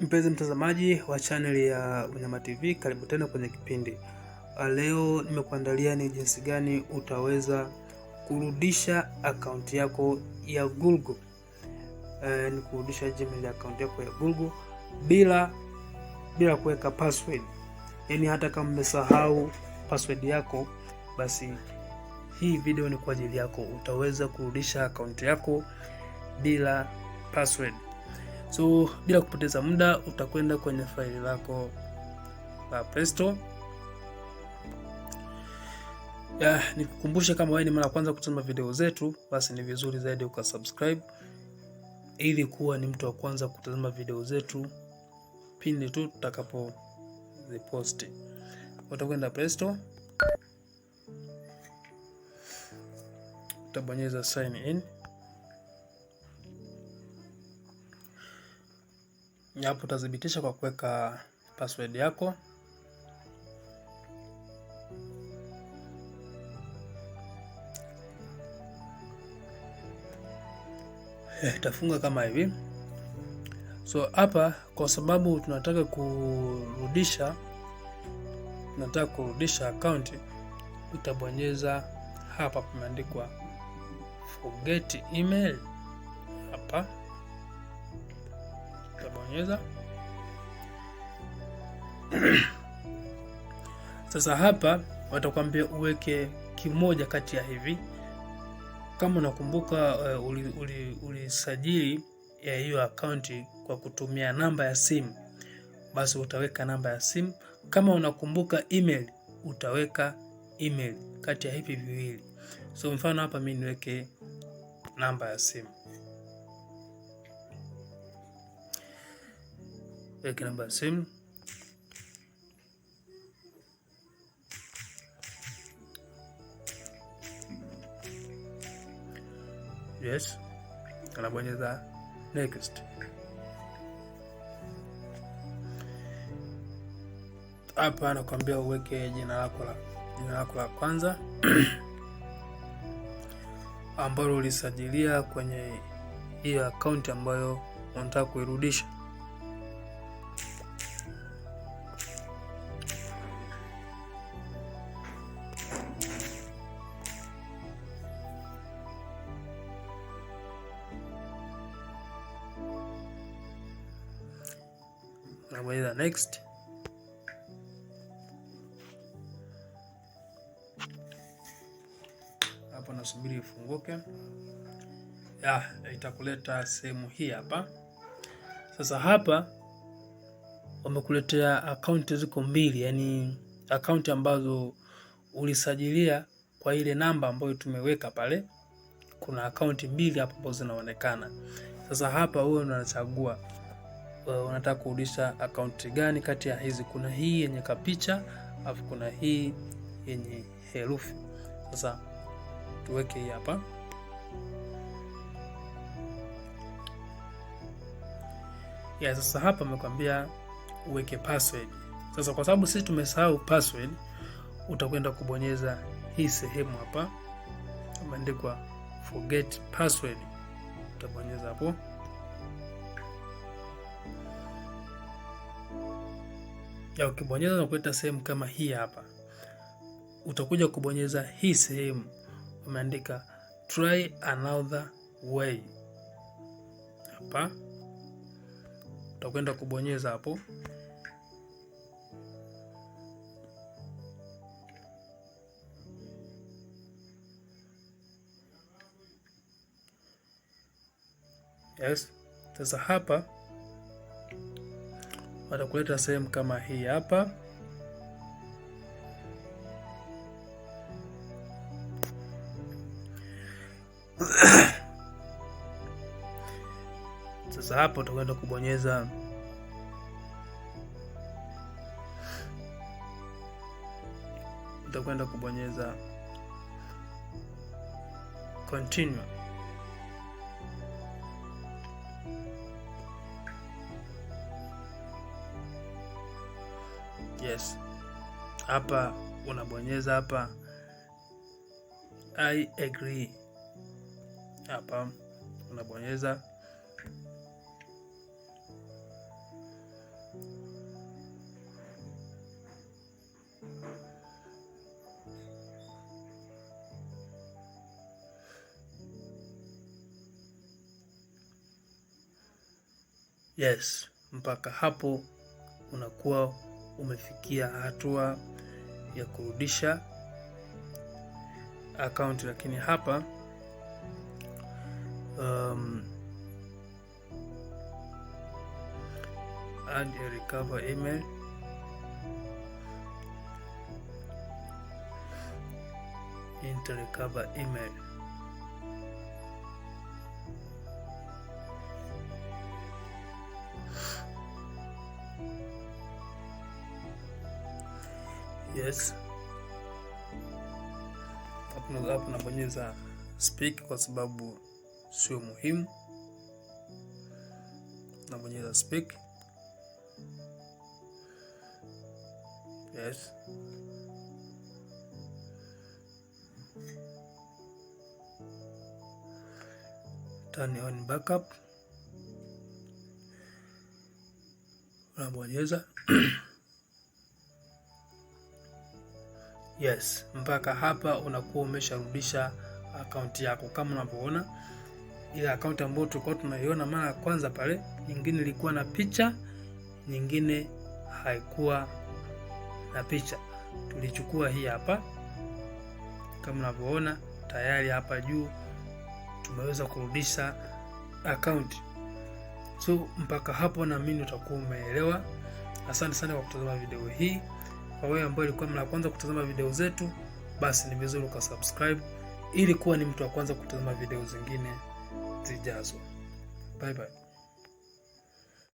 Mpenzi mtazamaji wa chaneli ya Unyama TV, karibu tena kwenye kipindi. Ah, leo nimekuandalia ni jinsi gani utaweza kurudisha akaunti yako ya Google. E, ni kurudisha Gmail akaunti yako ya Google bila bila kuweka password. Yaani hata kama umesahau password yako, basi hii video ni kwa ajili yako, utaweza kurudisha akaunti yako bila password. So bila kupoteza muda, utakwenda kwenye faili lako la Play Store. Ya, nikukumbushe kama wewe ni mara kwanza kutazama video zetu, basi ni vizuri zaidi ukasubscribe ili kuwa ni mtu wa kwanza kutazama video zetu pindi tu tutakapo ziposti. Utakwenda Play Store, utabonyeza sign in. Hapo utathibitisha kwa kuweka password yako. Eh, itafunga kama hivi. So hapa kwa sababu tunataka kurudisha, tunataka kurudisha account, utabonyeza hapa pameandikwa forget email hapa nitabonyeza. Sasa hapa watakwambia uweke kimoja kati ya hivi. Kama unakumbuka, uh, eh, ulisajili uli, uli ya eh, hiyo akaunti kwa kutumia namba ya simu, basi utaweka namba ya simu. Kama unakumbuka email, utaweka email kati ya hivi viwili. So mfano hapa mimi niweke namba ya simu. Weka namba ya simu yes, anabonyeza next. Hapa anakuambia uweke jina lako la jina lako la kwanza ambalo ulisajilia kwenye hiyo akaunti ambayo unataka kuirudisha. Nitabonyeza next. Hapa nasubiri ifunguke. Ya, itakuleta sehemu hii hapa. Sasa hapa wamekuletea akaunti ziko mbili, yani akaunti ambazo ulisajilia kwa ile namba ambayo tumeweka pale. Kuna akaunti mbili hapo ambazo zinaonekana. Sasa hapa wewe unachagua uh, unataka kurudisha akaunti gani kati ya hizi. Kuna hii yenye kapicha alafu kuna hii yenye herufi. Sasa tuweke hii hapa ya sasa. Hapa amekwambia uweke password. Sasa kwa sababu sisi tumesahau password, utakwenda kubonyeza hii sehemu hapa imeandikwa forget password, utabonyeza hapo. ya ukibonyeza na kuleta sehemu kama hii hapa, utakuja kubonyeza hii sehemu umeandika try another way hapa, utakwenda kubonyeza hapo. Yes, sasa hapa watakuleta sehemu kama hii hapa. Sasa hapo utakwenda kubonyeza utakwenda kubonyeza continue. SMS. Hapa unabonyeza hapa I agree, hapa unabonyeza yes. Mpaka hapo unakuwa umefikia hatua ya kurudisha akaunti, lakini hapa um, add a recover email enter recover email Yes, hapo nabonyeza speak kwa sababu sio muhimu, nabonyeza speak. Yes, turn on backup, unabonyeza Yes, mpaka hapa unakuwa umesharudisha akaunti yako kama unavyoona ile akaunti ambayo tulikuwa tunaiona mara ya kwanza pale, nyingine ilikuwa na picha, nyingine haikuwa na picha. Tulichukua hii hapa, kama unavyoona tayari hapa juu tumeweza kurudisha akaunti. So mpaka hapo naamini utakuwa umeelewa. Asante sana kwa kutazama video hii kwa wewe ambaye ulikuwa mara ya kwanza kutazama video zetu, basi ni vizuri ukasubscribe ili kuwa ni mtu wa kwanza kutazama video zingine zijazo. Bye bye.